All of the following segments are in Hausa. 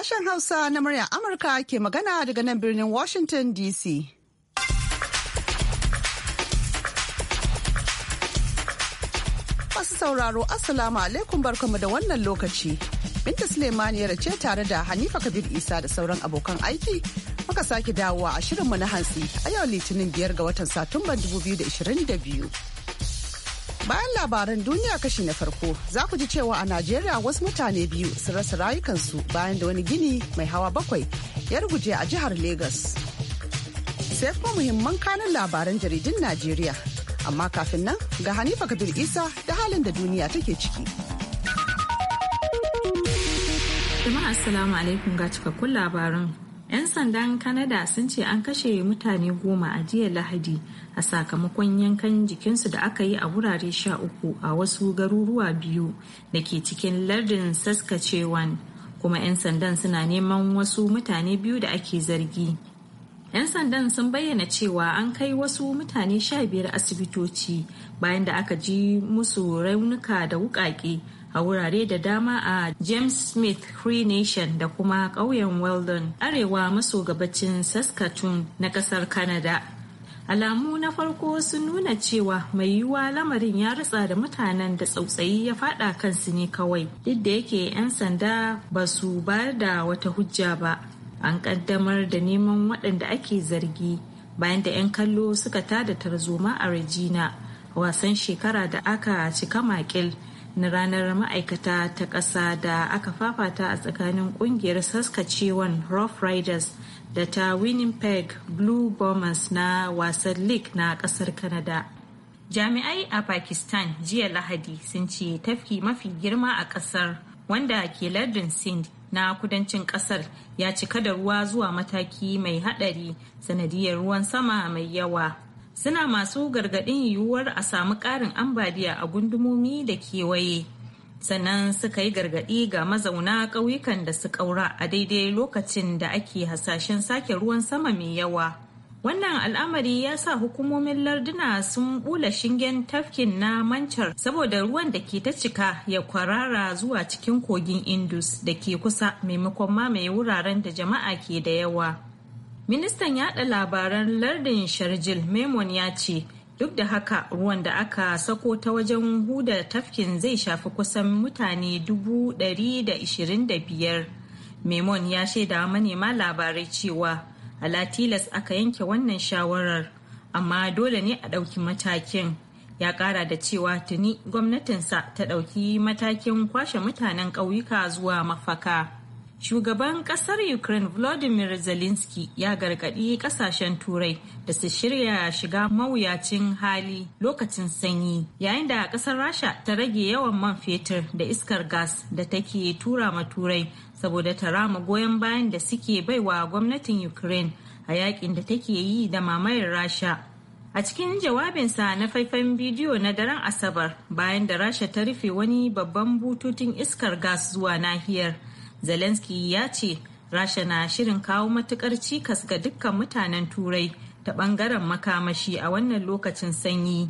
Sashen Hausa na muryar Amurka ke magana daga nan birnin Washington DC. Masu sauraro Assalamu alaikum barkamu da wannan lokaci. Binta Suleiman, ya ce tare da Hanifa Kabir Isa da sauran abokan aiki muka sake dawowa a shirin mu na hantsi a yau Litinin biyar ga watan Satumban 2022. Bayan labaran duniya kashi na farko za ku ji cewa a Najeriya wasu mutane biyu su rasa rayukansu bayan da wani gini mai hawa bakwai ya ruguje a jihar Legas. Sai kuma muhimman kanan labaran jaridun Najeriya. Amma kafin nan ga Hanifa Kabir Isa da halin da duniya take ciki. Jama'a Assalamu alaikum ga cikakkun labaran. 'Yan sandan kanada sun ce an kashe mutane goma a jiya Lahadi a sakamakon yankan jikinsu da aka yi a wurare sha uku a wasu garuruwa biyu da ke cikin lardin Saskatchewan. Kuma 'yan sandan suna neman wasu mutane biyu da ake zargi. 'Yan sandan sun bayyana cewa an kai wasu mutane sha biyar asibitoci bayan da aka ji musu raunuka da wukake a wurare da dama a James Smith Free Nation da kuma ƙauyen Weldon arewa maso gabacin Saskatoon na ƙasar Canada. Alamu na farko sun nuna cewa mai yiwuwa lamarin ya ritsa da mutanen da tsautsayi ya fada kansu ne kawai duk da yake 'yan sanda ba su bayar da wata hujja ba. An kaddamar da neman waɗanda ake zargi bayan da 'yan kallo suka tada tarzoma a Regina wasan shekara da aka cika makil na ranar ma'aikata ta ƙasa da aka fafata a tsakanin ƙungiyar saskacewan rough riders da ta winnipeg blue bombers na wasan league na ƙasar Kanada. jami'ai a pakistan jiya lahadi sun ce tafki mafi girma a ƙasar wanda ke lardin Sind na kudancin ƙasar ya cika da ruwa zuwa mataki mai haɗari sanadiyar ruwan sama mai yawa suna masu gargaɗin yiwuwar a samu ƙarin ambaliya a gundumomi da kewaye sannan suka yi gargaɗi ga mazauna ƙauyukan da su ƙaura a daidai lokacin da ake hasashen sake ruwan sama mai yawa wannan al'amari ya sa hukumomin larduna sun bula shingen tafkin na mancar saboda ruwan da ke ta cika ya kwarara zuwa cikin kogin indus da ke kusa maimakon mamaye wuraren da jama'a ke da yawa ministan yada labaran lardin sharjil memon ya ce duk da haka ruwan da aka sako ta wajen huda tafkin zai shafi kusan mutane 125 memon ya shaida manema labarai cewa alatilas aka yanke wannan shawarar amma dole ne a ɗauki matakin ya ƙara da cewa tuni gwamnatinsa ta ɗauki matakin kwashe mutanen ƙauyuka zuwa mafaka. Shugaban kasar Ukraine Volodymyr Zelensky ya gargaɗi kasashen Turai da su shirya shiga mawuyacin hali lokacin sanyi yayin da kasar Rasha ta rage yawan man fetur da iskar gas da take tura ma Turai saboda ta rama goyon bayan da suke baiwa gwamnatin Ukraine a yakin da take yi da mamayar Rasha. A cikin jawabinsa na faifan bidiyo na daren Asabar bayan da Rasha ta rufe wani babban bututun iskar gas zuwa nahiyar. zelensky ya ce rasha na shirin kawo matukar cikas ga dukkan mutanen turai ta bangaren makamashi a wannan lokacin sanyi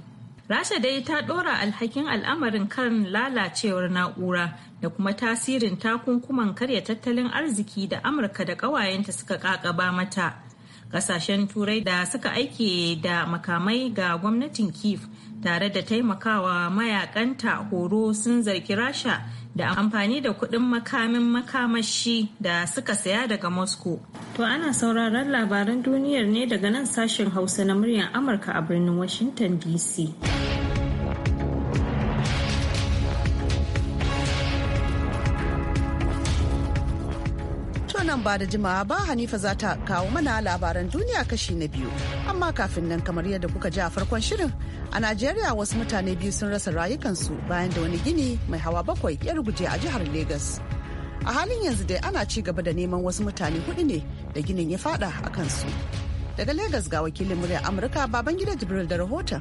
rasha dai ta dora alhakin al'amarin kan lalacewar na'ura da kuma tasirin takunkuman karya tattalin arziki da amurka da ƙawayenta suka kakaba mata kasashen turai da suka aike da makamai ga gwamnatin kif tare da taimakawa mayakanta horo sun zargi rasha da amfani da kuɗin makamin makamashi da suka saya daga Moscow. To ana sauraron labaran duniyar ne daga nan sashen Hausa na muryar Amurka a birnin Washington DC. nan ba da jimawa ba Hanifa za ta kawo mana labaran duniya kashi na biyu. Amma kafin nan kamar yadda kuka ji a farkon shirin a Najeriya wasu mutane biyu sun rasa rayukansu bayan da wani gini mai hawa bakwai ya ruguje a jihar Legas. A halin yanzu dai ana ci gaba da neman wasu mutane hudu ne da ginin ya fada a kansu. Daga Legas ga wakilin muryar Amurka Babangida Jibril da rahoton.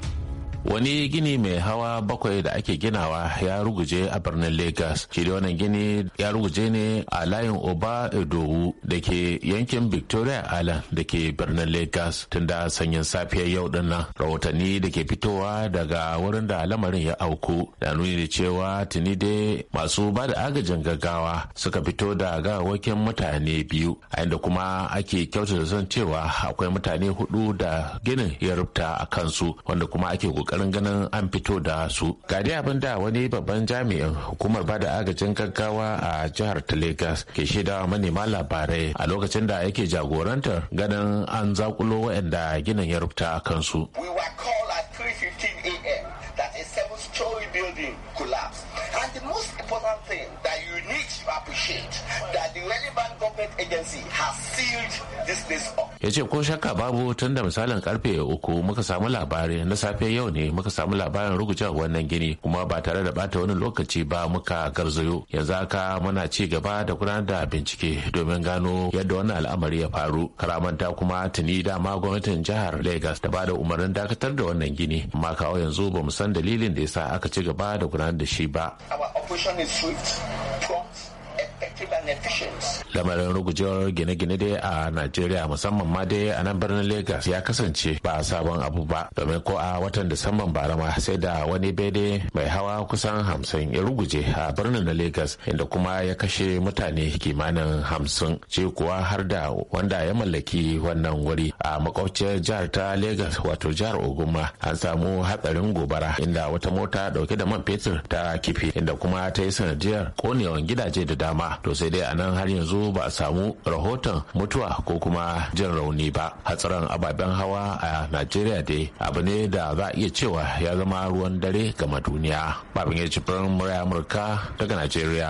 wani gini mai hawa bakwai da ake ginawa ya ruguje a birnin lagos shi da wannan gini ya ruguje ne a layin oba edowu da ke yankin victoria island da ke birnin lagos tun da sanyin safiyar yau din nan rahotanni da ke fitowa daga wurin da lamarin ya auku da nuni da cewa tuni dai masu ba da agajin gaggawa suka fito da gawakin mutane biyu a inda kuma ake kyautata son cewa akwai mutane hudu da ginin ya rubuta a kansu wanda kuma ake kokarin ganin an fito da su ga abin da wani babban jami'in hukumar bada agajin gaggawa a jihar ta lagos ke shaidawa manema labarai a lokacin da yake jagorantar ganin an zakulo waɗanda ginin ya rubuta a kansu a.m. that a seven-story building collapsed and the most important that you need to appreciate that the relevant government agency has sealed this place up. ya ce ko shakka babu tun da misalin karfe uku muka samu labari na safe yau ne muka samu labarin ruguja wannan gini kuma ba tare da bata wani lokaci ba muka garzayo yanzu aka muna ci gaba da gudanar da bincike domin gano yadda wannan al'amari ya faru karamanta kuma tuni dama gwamnatin jihar lagos ta bada umarnin dakatar da wannan gini amma kawo yanzu bamu san dalilin da yasa aka ci gaba da gudanar da shi ba. prompts lamarin rugujewar gine-gine dai a najeriya musamman ma dai a nan birnin lagos ya kasance ba sabon abu ba domin ko a watan disamban bara ma sai da wani bede mai hawa kusan hamsin ya ruguje a birnin na lagos inda kuma ya kashe mutane kimanin hamsin ce kuwa har da wanda ya mallaki wannan wuri a makwabciyar jihar ta lagos wato jihar oguma an samu hatsarin gobara inda wata mota dauke da man fetur ta kifi inda kuma ta yi sanadiyar konewan gidaje da dama to sai dai a nan har yanzu ba a samu rahoton mutuwa ko kuma jin rauni ba hatsarin ababen hawa a najeriya dai abu ne da za a iya cewa ya zama ruwan dare gama duniya babin ya ci amurka daga najeriya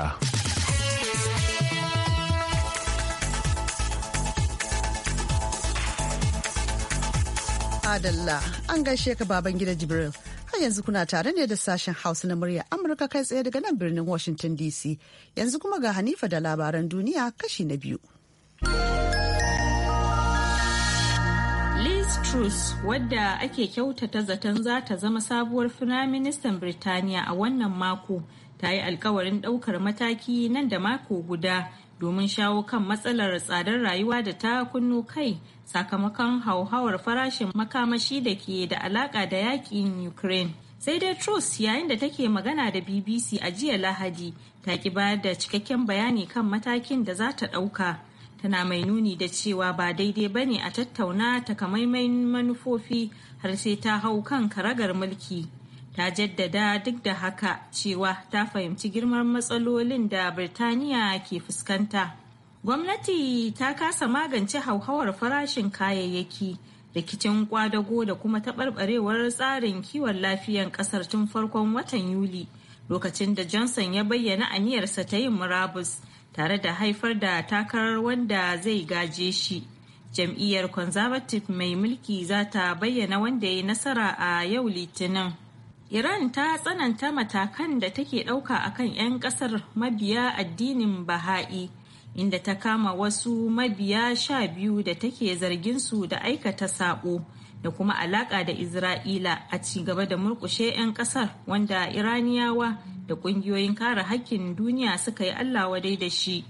Adalla an gaishe ka baban gida Jibril. yanzu kuna tare ne da sashen Hausa na murya Amurka kai tsaye daga nan birnin Washington DC. Yanzu kuma ga Hanifa da labaran duniya kashi na biyu. Liz Truss wadda ake kyautata zaton za ta zama sabuwar Firaministan Birtaniya a wannan mako ta yi alkawarin ɗaukar mataki nan da mako guda domin shawo kan matsalar tsadar rayuwa da ta kunno kai sakamakon hauhawar farashin makamashi da ke da alaka da yakin ukraine sai dai truss yayin da take magana da bbc a jiya lahadi ta ki bayar da cikakken bayani kan matakin da za ta ɗauka tana mai nuni da cewa ba daidai ba ne a tattauna takamaiman manufofi har sai ta hau kan karagar mulki ta jaddada duk da haka cewa ta fahimci girman matsalolin da birtaniya ke fuskanta gwamnati ta kasa magance hauhawar farashin kayayyaki rikicin kwadago da kuma taɓarɓarewar tsarin kiwon lafiyan ƙasar tun farkon watan yuli lokacin da johnson ya bayyana aniyarsa ta yin murabus tare da haifar da takarar wanda zai gaje shi jam'iyyar conservative mai mulki za ta bayyana wanda ya yi nasara a yau litinin Iran ta tsananta matakan da take ɗauka akan 'yan ƙasar mabiya addinin Baha'i inda ta kama wasu mabiya sha biyu da take zargin su da aikata sabo da kuma alaka da isra'ila a ci gaba da murkushe 'yan kasar wanda iraniyawa da kungiyoyin kare hakkin duniya suka yi allah wadai da shi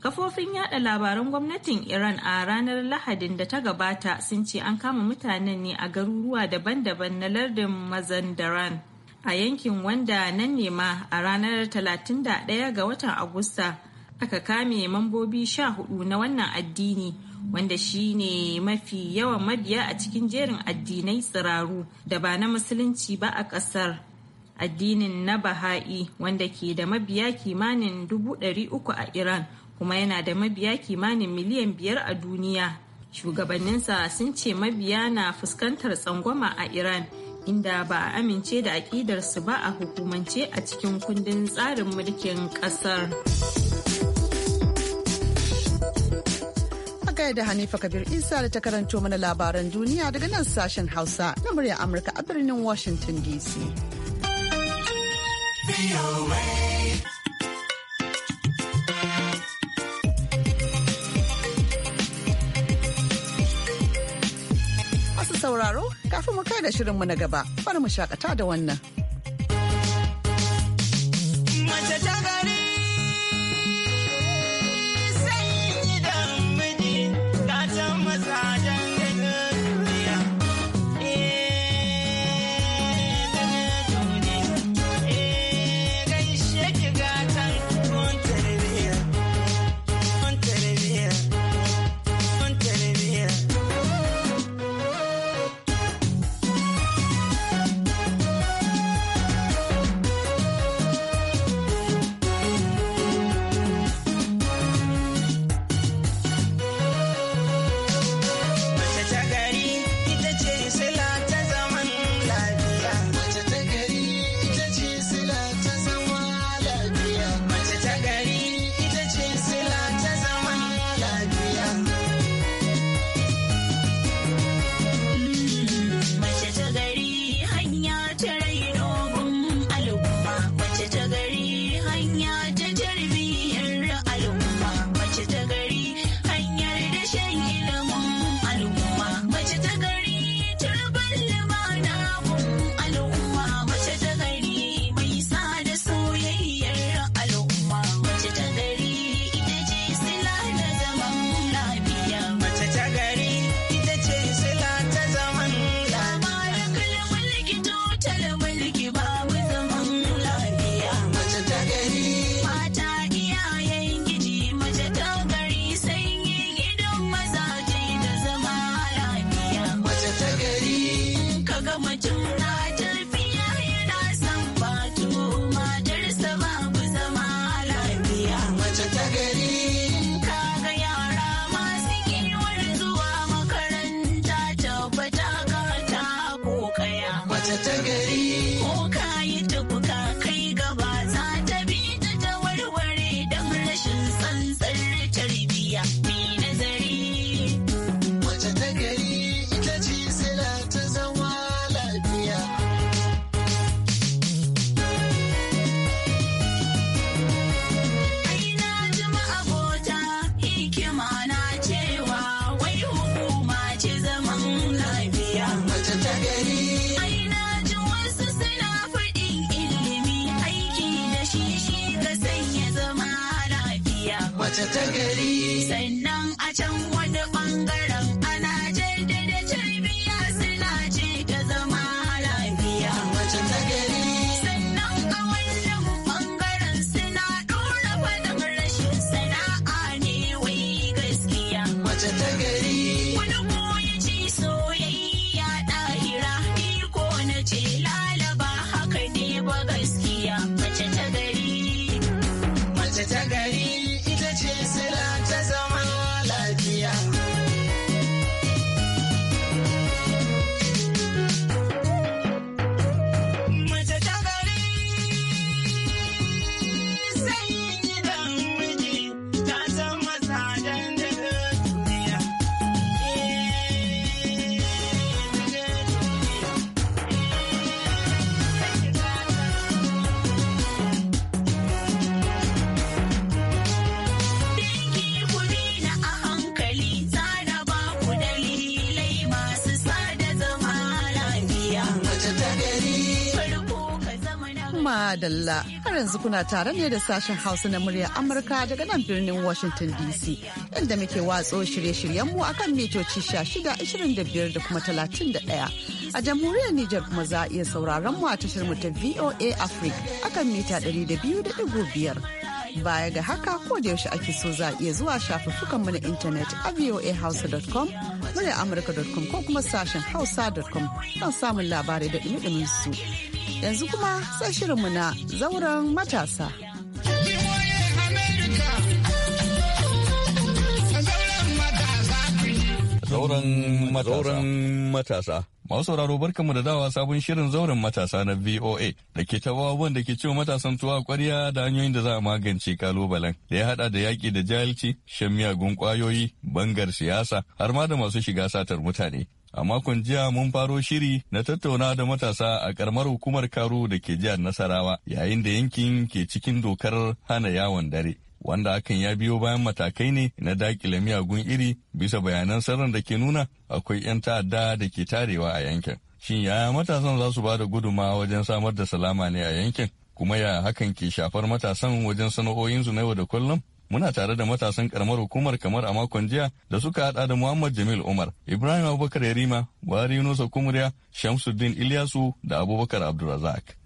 kafofin yada labaran gwamnatin iran a ranar lahadin da ta gabata sun ce an kama mutanen ne a garuruwa daban-daban na lardin mazandaran a yankin wanda nan nema a ranar 31 ga watan agusta aka kame mambobi sha hudu na wannan addini wanda shi ne mafi yawan mabiya a cikin jerin addinai tsiraru da ba na musulunci ba a ƙasar addinin na baha'i wanda ke da mabiya kimanin dubu uku a iran kuma yana da mabiya kimanin miliyan biyar a duniya shugabanninsa sun ce mabiya na fuskantar tsangwama a iran inda ba a amince da aƙidarsu ba a hukumance a cikin kundin tsarin mulkin ƙasar. a da Hanifa Kabir Isa da ta karanto mana labaran duniya daga nan sashen Hausa na murya Amurka a birnin Washington DC. Masu sauraro, kafin mu kai da shirin mu na gaba, bari mu shakata da wannan. ta querida. dalla har yanzu kuna tare ne da sashen hausa na muryar amurka daga nan birnin washington dc inda muke watso shirye-shiryenmu akan mitoci 1625 da kuma 31 a jamhuriyar niger kuma za a iya sauraron mu a tashar mu ta voa africa akan mita 200.5 baya ga haka ko da yaushe ake so za a iya zuwa shafuffukanmu na intanet a voahausa.com muryar amurka.com ko kuma sashen hausa.com don samun labarai da dumi su Yanzu kuma sai shirinmu na zauren matasa. Zauren matasa. Masu sauraro barkanmu da dawa sabon shirin zauren matasa na VOA da ke tawawan da ke cewa matasan tuwa kwarya da hanyoyin da za a magance kalubalen da ya hada da yaƙi da jahilci, shan miyagun kwayoyi bangar siyasa har ma da masu shiga satar mutane. A makon jiya mun faro shiri na tattauna da matasa a karamar hukumar karu da ke jihar Nasarawa yayin da yankin ke cikin dokar hana yawon dare. Wanda hakan ya biyo bayan matakai ne na dakile miyagun iri bisa bayanan sirrin da ke nuna akwai 'yan ta'adda da ke tarewa a yankin. Shin yaya matasan za su ba da guduma wajen samar da salama ne a yankin? Kuma ya hakan ke shafar matasan wajen sana'o'insu na yau da kullum? muna tare da matasan karamar hukumar kamar a makon jiya da suka hada da Muhammad Jamil Umar, Ibrahim Abubakar Yarima, wari Yunusa Kumriya, Shamsuddin Ilyasu da Abubakar Abdulrazak.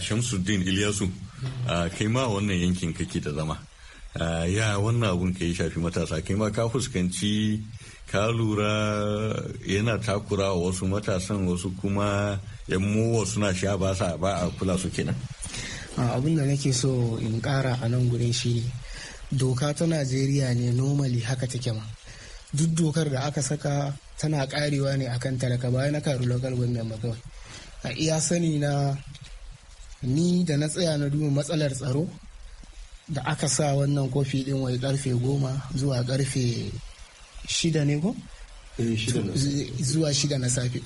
Shamsuddin Ilyasu kai ma wannan yankin kake da zama. Ya wannan abun ka yi shafi matasa kai ma ka fuskanci ka lura yana takura wa wasu matasan wasu kuma yan mowa suna sha ba sa ba a kula su kenan. Abin da nake so in kara a nan gurin shi ne doka ta Najeriya ne nomali haka take ma. Duk dokar da aka saka tana karewa ne akan talaka bayan na karu local government ba kawai. A iya sani na ni da na tsaya na duba matsalar tsaro da aka sa wannan kofi din wai karfe goma zuwa karfe shida ne ko? Eh, zuwa shida na safe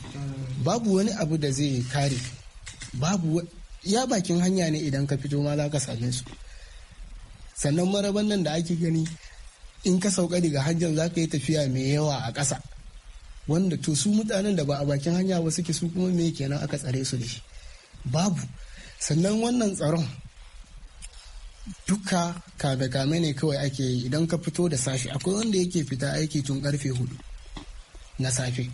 babu wani abu da zai kare babu ya bakin hanya ne idan ka fito ma za ka same su sannan maraban nan da ake gani in ka sauka daga hajjan za ka yi tafiya mai yawa a ƙasa wanda to su mutanen da ba a bakin hanya ba suke su kuma me kenan aka tsare su da shi babu sannan wannan tsaron duka kame-kame ne kawai ake yi idan ka fito da safe akwai wanda yake fita aiki tun karfe hudu na safe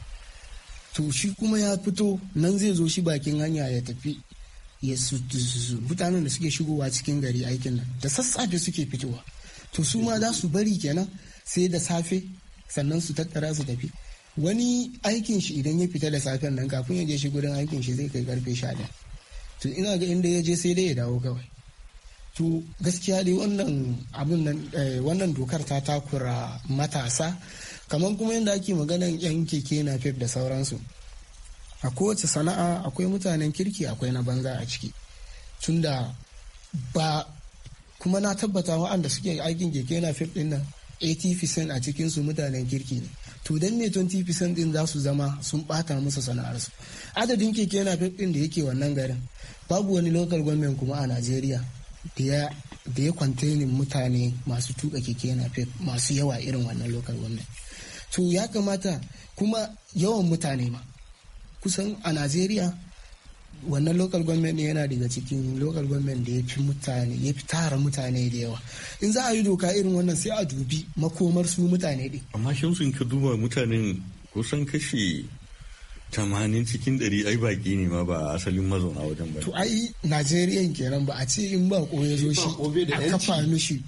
to shi kuma ya fito nan zai zo shi bakin hanya ya tafi ya mutanen da suke shigowa cikin gari aikin nan da sassafe suke fitowa to su ma za su bari kenan sai da safe sannan su tattara su tafi wani aikin shi idan ya fita da safen nan kafin ya je shi gurin aikin shi zai kai karfe sha to ina ga inda ya je sai dai ya dawo kawai to gaskiya dai wannan abin nan eh, wannan dokar ta takura matasa kamar kuma yadda ake maganan yan keke na fef da sauransu a kowace sana'a akwai mutanen kirki akwai na banza a ciki tunda ba kuma na tabbata waɗanda suke aikin keke na fef din nan 80% a cikinsu mutanen kirki ne to dan ne 20% din za su zama sun bata musu sana'arsu adadin keke na ɗin da yake wannan garin babu wani local government kuma a najeriya da ya kwantenin mutane masu tuka keke na masu yawa irin wannan local government to ya kamata kuma yawan mutane ma kusan a najeriya wannan local government yana daga cikin local government da ya fi mutane ya fi tara mutane da yawa in za a yi doka irin wannan sai a dubi makomar su mutane din amma shi sun ka duba mutanen kusan kashi tamanin cikin ɗari ai baki ne ma ba asalin mazauna wajen ba to ai najeriya kenan ba a ce in ba ko ya zo shi a kafa mishi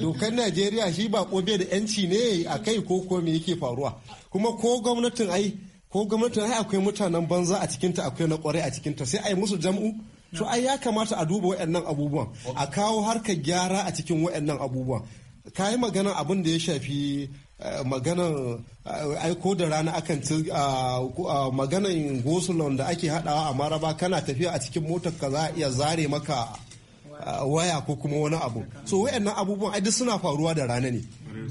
dokar najeriya shi ba kobe da yanci ne a kai ko ko yake faruwa kuma ko gwamnatin ai ko gwamnatin ai akwai mutanen banza a cikinta akwai na kwarai a cikinta sai ai musu jam'u to ai ya kamata a duba waɗannan abubuwan a kawo harkar gyara a cikin waɗannan abubuwan ka yi magana abin da ya shafi Eh, Maganar eh, aiko da rana akan ci eh, maganan gosulon da ake hadawa a maraba kana tafiya a cikin motar ka za a iya zare maka waya ko kuma wani abu so wayannan abubuwan ai duk suna faruwa da rana ne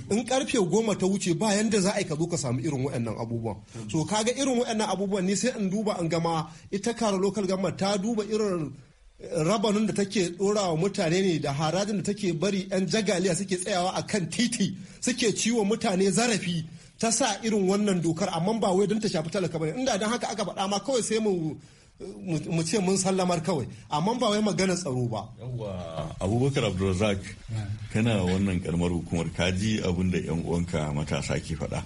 in karfe goma ta wuce ba yanda za a yi ka zo ka samu irin wayannan abubuwan so kaga irin wayannan abubuwan ne sai in duba in gama ita kare local government ta duba irin rabanin da take ɗora wa mutane ne da harajin da take bari 'yan jagaliya suke tsayawa a kan titi suke ciwo mutane zarafi ta sa irin wannan dokar amma ba wai don ta shafi talaka bane inda don haka aka faɗa ma kawai sai mu mu ce mun sallamar kawai amma ba wai magana tsaro ba abubakar abdulrazak kana wannan karamar hukumar kaji abin da yan uwanka matasa ke faɗa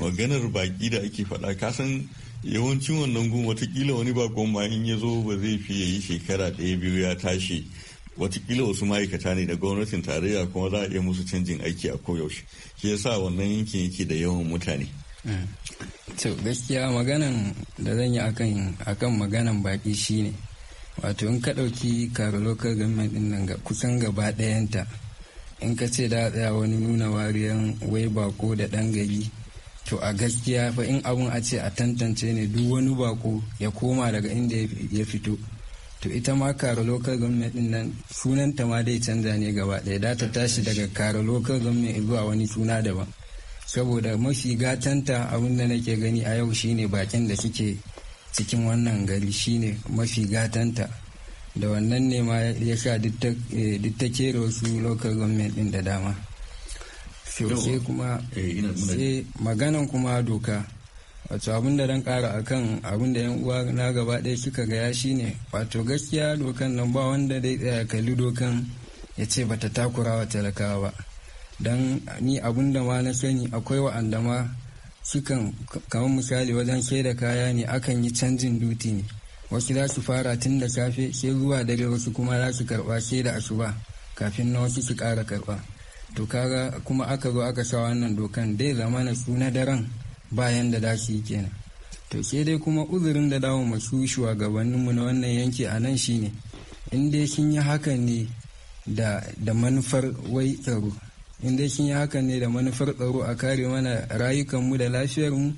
maganar baki da ake faɗa kasan yawancin wannan gun watakila wani bakon ma in ya zo ba zai fi yi shekara daya biyu ya tashi watakila wasu ma'aikata ne da gwamnatin tarayya kuma za a iya musu canjin aiki a koyaushe shi sa wannan yankin yake da yawan mutane eh. to gaskiya maganan da zan yi akan akan maganan baki shine wato in ka ɗauki karo local government ɗin nan kusan gaba ɗayanta in ka ce da tsaya wani nuna wariyan wai bako da ɗan gari to a gaskiya fa in abun a ce a tantance ne duk wani bako ya koma daga inda ya fito to ita ma karo local government din nan sunan ta ma dai canza ne gaba ɗaya da ta tashi daga karo local government zuwa wani suna daban saboda mafi gatanta abun da nake gani a yau shine bakin da suke cikin wannan gari shine mafi gatanta da wannan ne ma ya sa duk ta eh, kera wasu local government din da dama sai kuma eh, sai maganan kuma doka wato abin da dan kara akan abin da yan uwa na gaba ɗaya suka gaya shine wato gaskiya dokan nan ba wanda dai tsaya kalli dokan ya ce bata takura wa talakawa ba dan ni abin da ma na sani akwai wa'anda ma sukan kamar misali wajen sai kaya ne akan yi canjin duti ne wasu za su fara tun da safe sai zuwa dare wasu kuma za su karba sai da asuba kafin na wasu su kara karba to kaga kuma aka zo aka sa wannan dokan dai zamana su na daren bayan da dashi kenan to ke dai kuma uzurin da dawo masu shugabanninmu na wannan yanki a nan shine in dai kin yi hakan ne da manufar wai tsaro in dai sun yi hakan ne da manufar tsaro a kare mana rayukanmu da lafiyarmu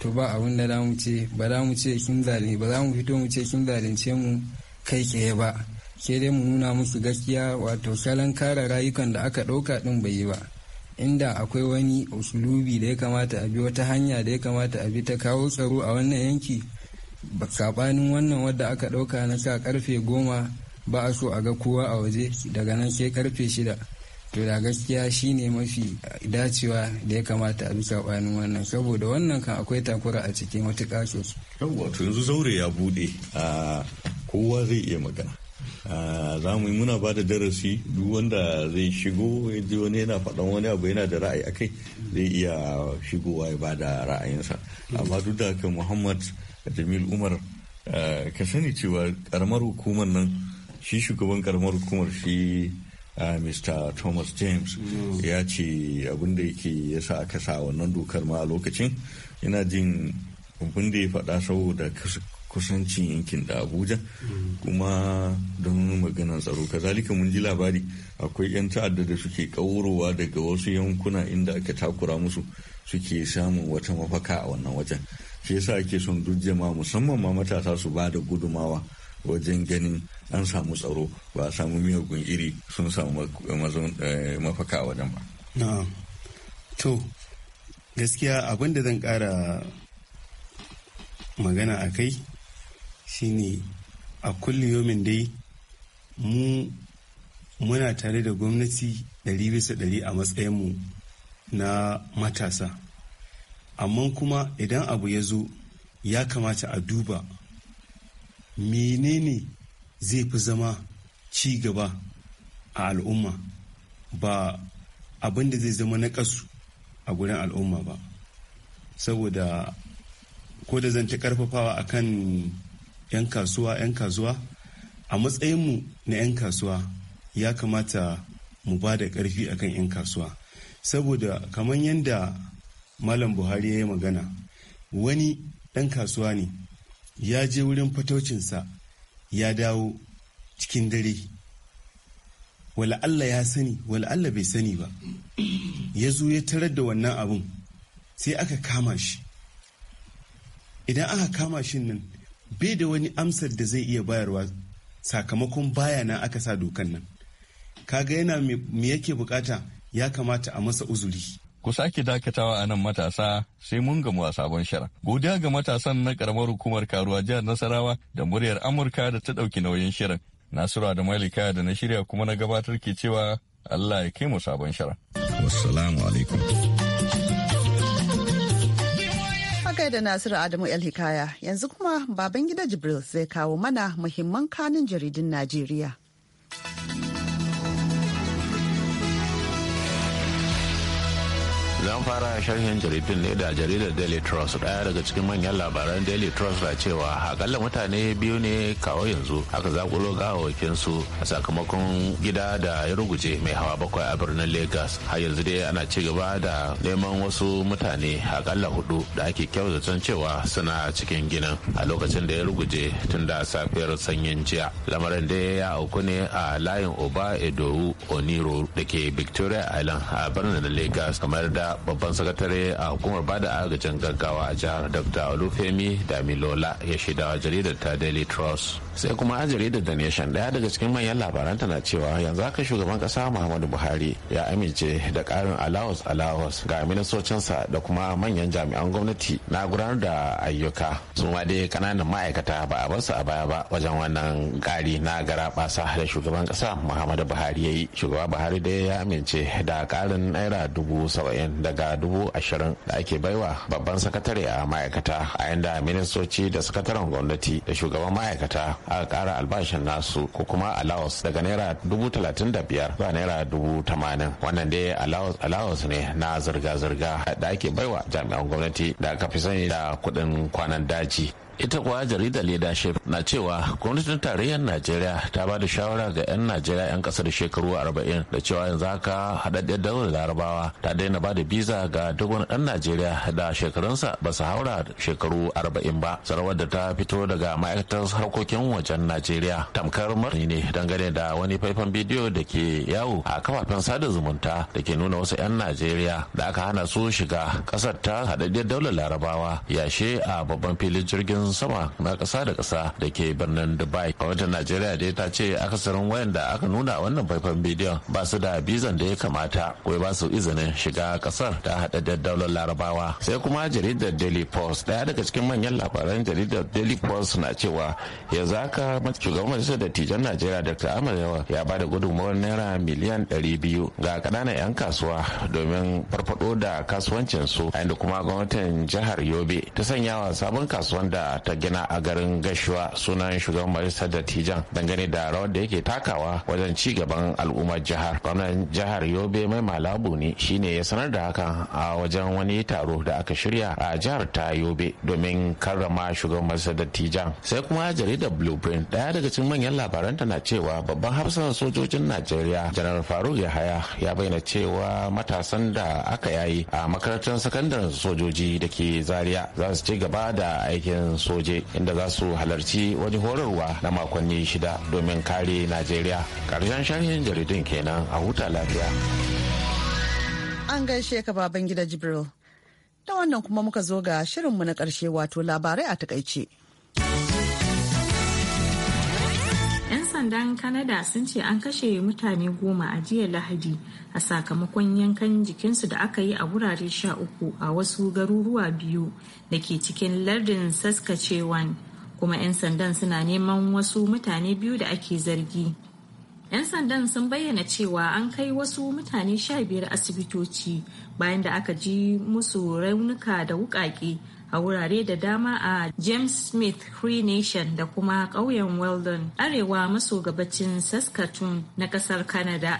to ba abin da za mu ce ba za mu ce kin zalunce ba za mu fito mu ce kin zalunce mu kai ke ba sai dai mu nuna musu gaskiya wato salon kare rayukan da aka ɗauka ɗin bai yi ba inda akwai wani usulubi da ya kamata a bi wata hanya da ya kamata a bi ta kawo tsaro a wannan yanki saɓanin wannan wadda aka ɗauka na sa karfe goma ba a so a ga kowa a waje daga nan sai karfe shida to da gaskiya shine mafi dacewa da ya kamata a bi saɓanin wannan saboda wannan kan akwai takura a cikin matuƙa sosai. yanzu zaure ya bude kowa zai iya magana za mu yi muna ba da darasi duk wanda zai shigo ji wani yana faɗan wani abu yana da ra'ayi akai zai iya shigowa ya ba da ra'ayinsa amma duk da haka muhammad jamil umar ka sani cewa karamar hukumar nan shi shugaban karamar hukumar shi Mr. Thomas James ya ce abinda yake ya sa aka sa wannan dokar ma a lokacin yana jin abin da ya faɗa saboda kusancin yankin da abuja kuma don maganar tsaro kazalika mun ji labari akwai 'yan ta'adda da suke kaurowa daga wasu yankuna inda aka takura musu suke samun wata mafaka a wannan wajen shi yasa ake son duk jama'a musamman ma matasa su ba da gudumawa wajen ganin an samu tsaro ba a samu miyagun iri sun samu eh, mafaka a wajen ba to gaskiya abin da zan kara magana a kai shine a yomin dai mu muna tare da gwamnati ɗari bisa ɗari a matsayinmu na matasa amma kuma idan abu ya zo ya kamata a duba menene zai fi zama ci gaba a al'umma ba abin da zai zama na kasu a gurin al'umma ba saboda ko da zan ta karfafawa akan 'yan kasuwa 'yan kasuwa a matsayinmu na 'yan kasuwa ya kamata mu ba da ƙarfi akan 'yan kasuwa saboda kamar yadda malam buhari ya yi magana wani ɗan kasuwa ne ya je wurin fatocinsa ya dawo cikin dare wala Allah ya sani wala Allah bai sani ba ya zo ya tarar da wannan abun sai aka kama shi idan aka kama shi nan bai da wani amsar da zai iya bayarwa sakamakon baya na aka sa dokan nan kaga yana me yake bukata ya kamata a masa uzuri ku sake dakatawa a nan matasa sai mun gamu a sabon shara. Godiya ga matasan na karamar hukumar karuwa jihar Nasarawa da muryar Amurka da ta ɗauki nauyin shirin. Nasura da Malika da na shirya kuma na gabatar ke cewa Allah ya kai mu sabon shara. Wassalamu alaikum. da Nasiru Adamu El Hikaya yanzu kuma baban gida Jibril zai kawo mana muhimman kanin jaridun Najeriya. an fara sharhin jaridun ne da jaridar daily trust daya daga cikin manyan labaran daily trust na cewa akalla mutane biyu ne kawo yanzu aka zakulo gawawakinsu a sakamakon gida da ya ruguje mai hawa bakwai a birnin lagos har yanzu dai ana ci gaba da neman wasu mutane akalla hudu da ake kyau cewa suna cikin ginin a lokacin da ya ruguje tun da safiyar sanyin jiya lamarin da ya auku ne a layin oba edo oniro da ke victoria island a birnin lagos kamar da babban sakatare a hukumar bada agajin gaggawa a jihar dr olufemi damilola ya shaidawa jaridar ta daily trust sai kuma an jaridar da nation daya daga cikin manyan labaranta na cewa yanzu haka shugaban kasa muhammadu buhari ya amince da karin alawas alawas ga ministocinsa da kuma manyan jami'an gwamnati na gudanar da ayyuka su ma dai kananan ma'aikata ba a barsu a baya ba wajen wannan kari na gara basa da shugaban kasa muhammadu buhari ya yi shugaban buhari dai ya amince da karin naira dubu saba'in daga dubu ashirin da ake baiwa babban sakatare a ma'aikata a yanda ministoci da sakataren gwamnati da shugaban ma'aikata a kara albashin nasu ko kuma allowance daga naira dubu talatin da biyar zuwa naira dubu tamanin wannan dai allowance ne na zirga-zirga da ake baiwa jami'an gwamnati da aka fi sani da kuɗin kwanan daji ita kuwa jaridar leadership na cewa gwamnatin tarayyar najeriya ta ba da shawara ga 'yan najeriya 'yan kasar shekaru 40 da cewa yanzu haka haɗaɗɗiyar daular larabawa ta daina ba da biza ga duk wani ɗan najeriya da shekarunsa ba su haura shekaru 40 ba sarawar da ta fito daga ma'aikatar harkokin wajen najeriya tamkar mara ne dangane da wani faifan bidiyo da ke yawo a kafafen sada zumunta da ke nuna wasu 'yan najeriya da aka hana su shiga ƙasar ta haɗaɗɗiyar daular larabawa yashe a babban filin jirgin jirgin sama na kasa da kasa da ke birnin dubai gwamnatin najeriya dai ta ce akasarin wayanda aka nuna wannan faifan bidiyon ba su da bizan da ya kamata ko ba su izinin shiga kasar ta haɗa daular larabawa sai kuma jaridar daily post ɗaya daga cikin manyan labaran jaridar daily post na cewa yanzu haka shugaban da dattijan najeriya dr amur yawa ya ba da gudunmawar naira miliyan ɗari biyu. ga ƙananan 'yan kasuwa domin farfaɗo da kasuwancinsu a inda kuma gwamnatin jihar yobe ta sanya wa sabon kasuwan da ta gina a garin gashuwa sunan shugaban majalisar dattijan dangane da rawar da yake takawa wajen ci gaban al'ummar jihar gwamnan jihar yobe mai malabu ne shine ya sanar da hakan a wajen wani taro da aka shirya a jihar ta yobe domin karrama shugaban majalisar dattijan sai kuma jaridar blueprint daya daga cikin manyan labaranta na cewa babban hafsan sojojin najeriya janar faruk yahaya ya bayyana cewa matasan da aka yayi a makarantar sakandaren sojoji da ke Zariya za su ci gaba da aikin soje inda za su halarci wani horarwa na makonni shida domin kare najeriya karshen sharhin jaridun kenan a huta lafiya an gaishe ka baban gida jibril da wannan kuma muka zo ga shirinmu na karshe wato labarai a takaice. sandan Canada sun ce an kashe mutane goma a jiya Lahadi a sakamakon yankan jikinsu da aka yi a wurare sha uku a wasu garuruwa biyu da ke cikin lardin Saskatchewan kuma 'yan sandan suna neman wasu mutane biyu da ake zargi. 'Yan sandan sun bayyana cewa an kai wasu mutane sha biyar asibitoci bayan da aka ji musu raunuka da wukake. a wurare da dama a James Smith Free Nation da kuma ƙauyen Weldon, arewa maso gabacin Saskatoon na ƙasar Canada.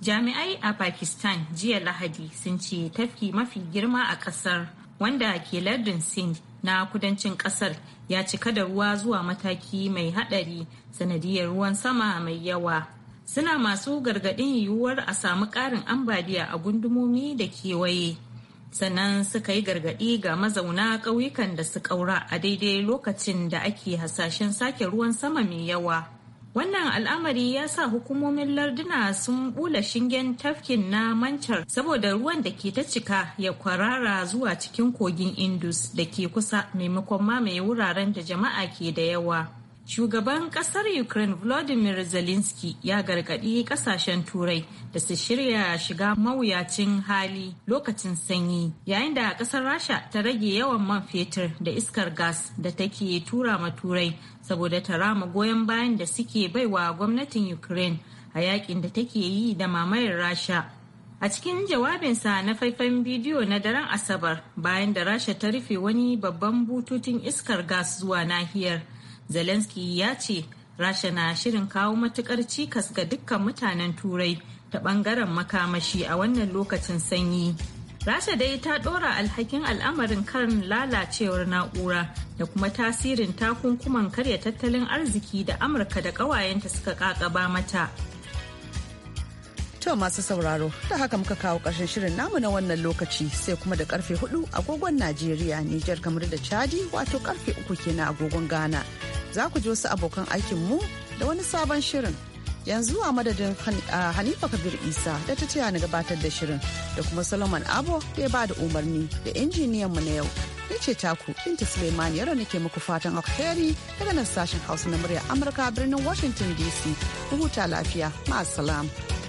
Jami'ai a Pakistan jiya Lahadi sun ce tafki mafi girma a ƙasar wanda ke lardin Sindh na kudancin ƙasar ya cika da ruwa zuwa mataki mai haɗari sanadiyar ruwan sama mai yawa. Suna masu gargaɗin yiwuwar a samu ƙarin ambaliya a gundumomi da kewaye. sannan suka yi gargaɗi ga mazauna ƙauyukan da su ƙaura a daidai lokacin da ake hasashen sake ruwan sama mai yawa wannan al'amari ya sa hukumomin larduna sun bula shingen tafkin na mancar saboda ruwan da ke ta cika ya kwarara zuwa cikin kogin indus da ke kusa maimakon mamaye wuraren da jama'a ke da yawa Shugaban kasar Ukraine Volodymyr Zelensky ya gargaɗi ƙasashen turai da su shirya shiga mawuyacin hali lokacin sanyi yayin da ƙasar Rasha ta rage yawan man fetur da iskar gas da take tura ma turai saboda ta rama goyon bayan da suke baiwa gwamnatin Ukraine a yakin da take yi da mamayar Rasha. A cikin jawabinsa na faifan bidiyo na daren Asabar bayan da Rasha ta rufe wani babban bututun iskar gas zuwa nahiyar. zelensky ya ce rasha na shirin kawo matukar cikas ga dukkan mutanen turai ta bangaren makamashi a wannan lokacin sanyi rasha dai ta dora alhakin al'amarin kan lalacewar na'ura da kuma tasirin takunkuman karya tattalin arziki da amurka da ƙawayenta suka kakaba mata To masu sauraro, da haka muka kawo ƙarshen shirin namu na wannan lokaci sai kuma da karfe hudu agogon Najeriya, Nijar kamar da Chadi wato karfe uku kenan agogon Ghana. Za ku ji wasu abokan aikin mu da wani sabon shirin. Yanzu a madadin Hanifa Kabir Isa da ta na gabatar da shirin da kuma Solomon Abo da ya ba da umarni da injiniyan mu na yau. Ni ce taku Binta Suleiman yaro nake muku fatan alheri daga nan sashen Hausa na murya Amurka birnin Washington DC. Ku huta lafiya, ma'asalam.